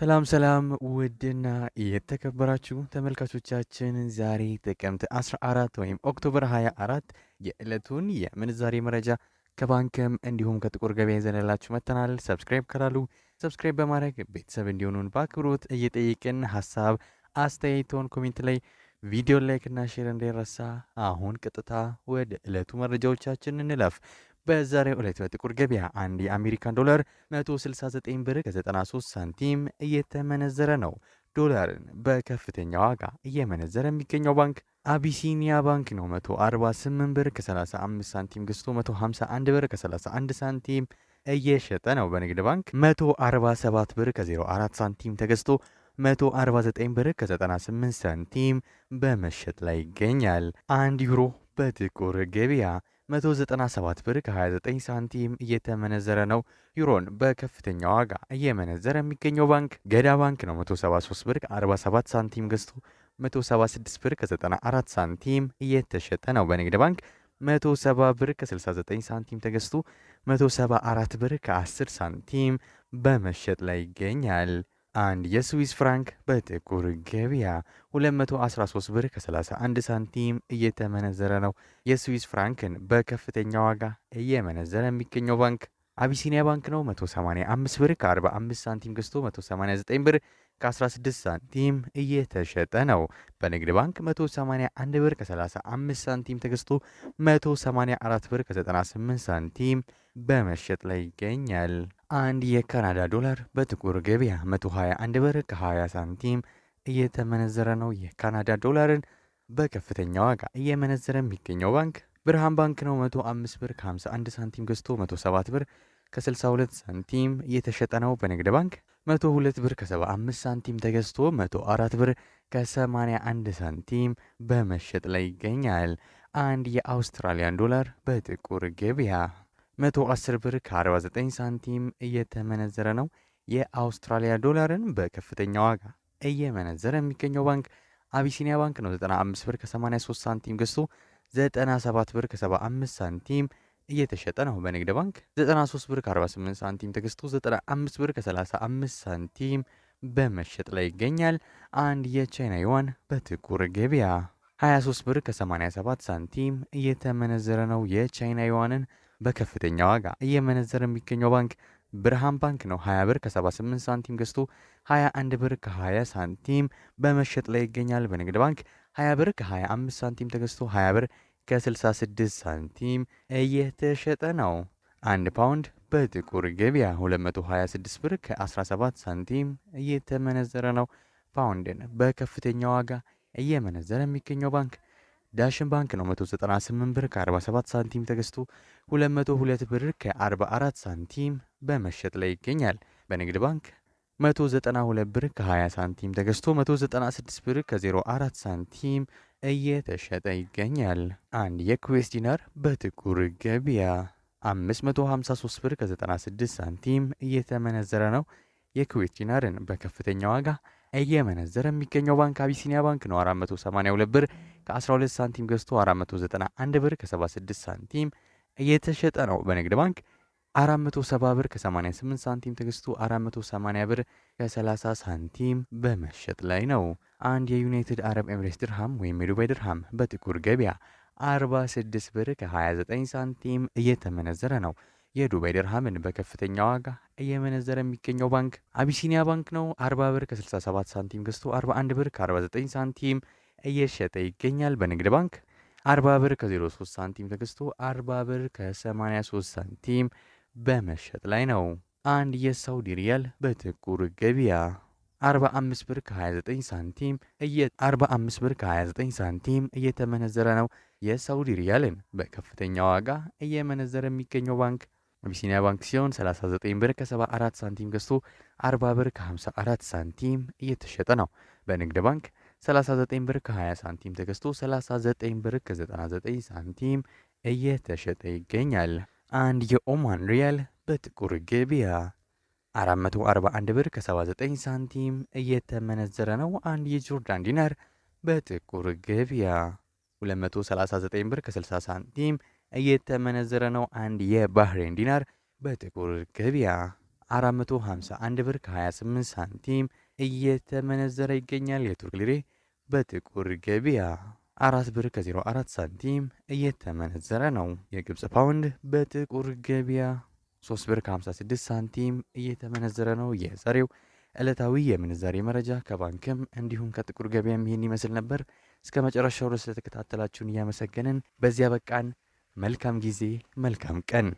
ሰላም ሰላም ውድና የተከበራችሁ ተመልካቾቻችን ዛሬ ጥቅምት 14 ወይም ኦክቶበር 24 የዕለቱን የምንዛሬ መረጃ ከባንክም እንዲሁም ከጥቁር ገበያ ይዘንላችሁ መጥተናል። ሰብስክራይብ ካላሉ ሰብስክራይብ በማድረግ ቤተሰብ እንዲሆኑን በአክብሮት እየጠየቅን ሀሳብ አስተያየቶን ኮሜንት ላይ ቪዲዮ ላይክና ሼር እንዳይረሳ። አሁን ቀጥታ ወደ ዕለቱ መረጃዎቻችን እንለፍ። በዛሬው ዕለት በጥቁር ገበያ አንድ የአሜሪካን ዶላር 169 ብር ከ93 ሳንቲም እየተመነዘረ ነው። ዶላርን በከፍተኛ ዋጋ እየመነዘረ የሚገኘው ባንክ አቢሲኒያ ባንክ ነው። 148 ብር ከ35 ሳንቲም ገዝቶ 151 ብር ከ31 ሳንቲም እየሸጠ ነው። በንግድ ባንክ 147 ብር ከ04 ሳንቲም ተገዝቶ 149 ብር ከ98 ሳንቲም በመሸጥ ላይ ይገኛል። አንድ ዩሮ በጥቁር ገበያ 197 ብር ከ29 ሳንቲም እየተመነዘረ ነው። ዩሮን በከፍተኛ ዋጋ እየመነዘረ የሚገኘው ባንክ ገዳ ባንክ ነው። 173 ብር ከ47 ሳንቲም ገዝቶ 176 ብር ከ94 ሳንቲም እየተሸጠ ነው። በንግድ ባንክ 170 ብር ከ69 ሳንቲም ተገዝቶ 174 ብር ከ10 ሳንቲም በመሸጥ ላይ ይገኛል። አንድ የስዊስ ፍራንክ በጥቁር ገበያ 213 ብር ከ31 ሳንቲም እየተመነዘረ ነው። የስዊስ ፍራንክን በከፍተኛ ዋጋ እየመነዘረ የሚገኘው ባንክ አቢሲኒያ ባንክ ነው። 185 ብር ከ45 ሳንቲም ገዝቶ 189 ብር ከ16 ሳንቲም እየተሸጠ ነው። በንግድ ባንክ 181 ብር ከ35 ሳንቲም ተገዝቶ 184 ብር ከ98 ሳንቲም በመሸጥ ላይ ይገኛል። አንድ የካናዳ ዶላር በጥቁር ገበያ 121 ብር ከ20 ሳንቲም እየተመነዘረ ነው። የካናዳ ዶላርን በከፍተኛ ዋጋ እየመነዘረ የሚገኘው ባንክ ብርሃን ባንክ ነው። 105 ብር ከ51 ሳንቲም ገዝቶ 107 ብር ከ62 ሳንቲም እየተሸጠ ነው። በንግድ ባንክ 102 ብር ከ75 ሳንቲም ተገዝቶ 104 ብር ከ81 ሳንቲም በመሸጥ ላይ ይገኛል። አንድ የአውስትራሊያን ዶላር በጥቁር ገበያ 110 ብር ከ49 ሳንቲም እየተመነዘረ ነው። የአውስትራሊያ ዶላርን በከፍተኛ ዋጋ እየመነዘረ የሚገኘው ባንክ አቢሲኒያ ባንክ ነው። 95 ብር ከ83 ሳንቲም ገዝቶ 97 ብር ከ75 ሳንቲም እየተሸጠ ነው። በንግድ ባንክ 93 ብር ከ48 ሳንቲም ተገዝቶ 95 ብር ከ35 ሳንቲም በመሸጥ ላይ ይገኛል። አንድ የቻይና ዩዋን በጥቁር ገበያ 23 ብር ከ87 ሳንቲም እየተመነዘረ ነው። የቻይና ዩዋንን በከፍተኛ ዋጋ እየመነዘረ የሚገኘው ባንክ ብርሃን ባንክ ነው። 20 ብር ከ78 ሳንቲም ገዝቶ 21 ብር ከ20 ሳንቲም በመሸጥ ላይ ይገኛል። በንግድ ባንክ 20 ብር ከ25 ሳንቲም ተገዝቶ 20 ብር ከ66 ሳንቲም እየተሸጠ ነው። አንድ ፓውንድ በጥቁር ገበያ 226 ብር ከ17 ሳንቲም እየተመነዘረ ነው። ፓውንድን በከፍተኛ ዋጋ እየመነዘረ የሚገኘው ባንክ ዳሽን ባንክ ነው። 198 ብር ከ47 ሳንቲም ተገዝቶ 202 ብር ከ44 ሳንቲም በመሸጥ ላይ ይገኛል። በንግድ ባንክ 192 ብር ከ20 ሳንቲም ተገዝቶ 196 ብር ከ04 ሳንቲም እየተሸጠ ይገኛል። አንድ የኩዌስ ዲናር በጥቁር ገበያ 553 ብር ከ96 ሳንቲም እየተመነዘረ ነው። የኩዌት ዲናርን በከፍተኛ ዋጋ እየመነዘረ የሚገኘው ባንክ አቢሲኒያ ባንክ ነው። 482 ብር ከ12 ሳንቲም ገዝቶ 491 ብር ከ76 ሳንቲም እየተሸጠ ነው። በንግድ ባንክ 470 ብር ከ88 ሳንቲም ትግስቱ 480 ብር ከ30 ሳንቲም በመሸጥ ላይ ነው። አንድ የዩናይትድ አረብ ኤምሬትስ ድርሃም ወይም የዱባይ ድርሃም በጥቁር ገበያ 46 ብር ከ29 ሳንቲም እየተመነዘረ ነው። የዱባይ ድርሃምን በከፍተኛ ዋጋ እየመነዘረ የሚገኘው ባንክ አቢሲኒያ ባንክ ነው። 40 ብር ከ67 ሳንቲም ገዝቶ 41 ብር ከ49 ሳንቲም እየሸጠ ይገኛል። በንግድ ባንክ 40 ብር ከ03 ሳንቲም ተገዝቶ 40 ብር ከ83 ሳንቲም በመሸጥ ላይ ነው። አንድ የሳውዲ ሪያል በጥቁር ገበያ 45 ብር ከ29 ሳንቲም እየ 45 ብር ከ29 ሳንቲም እየተመነዘረ ነው። የሳውዲ ሪያልን በከፍተኛ ዋጋ እየመነዘረ የሚገኘው ባንክ አቢሲኒያ ባንክ ሲሆን 39 ብር ከ74 ሳንቲም ገዝቶ 40 ብር ከ54 ሳንቲም እየተሸጠ ነው። በንግድ ባንክ 39 ብር ከ20 ሳንቲም ተገዝቶ 39 ብር ከ99 ሳንቲም እየተሸጠ ይገኛል። አንድ የኦማን ሪያል በጥቁር ገበያ 441 ብር ከ79 ሳንቲም እየተመነዘረ ነው። አንድ የጆርዳን ዲናር በጥቁር ገበያ 239 ብር ከ60 ሳንቲም እየተመነዘረ ነው። አንድ የባህሬን ዲናር በጥቁር ገበያ 451 ብር ከ28 ሳንቲም እየተመነዘረ ይገኛል። የቱርክ ሊሬ በጥቁር ገበያ አራት ብር ከ04 ሳንቲም እየተመነዘረ ነው። የግብፅ ፓውንድ በጥቁር ገበያ 3 ብር ከ56 ሳንቲም እየተመነዘረ ነው። የዛሬው ዕለታዊ የምንዛሬ መረጃ ከባንክም እንዲሁም ከጥቁር ገበያ ይህን ይመስል ነበር። እስከ መጨረሻው ድረስ ስለተከታተላችሁን እያመሰገንን በዚያ በቃን። መልካም ጊዜ፣ መልካም ቀን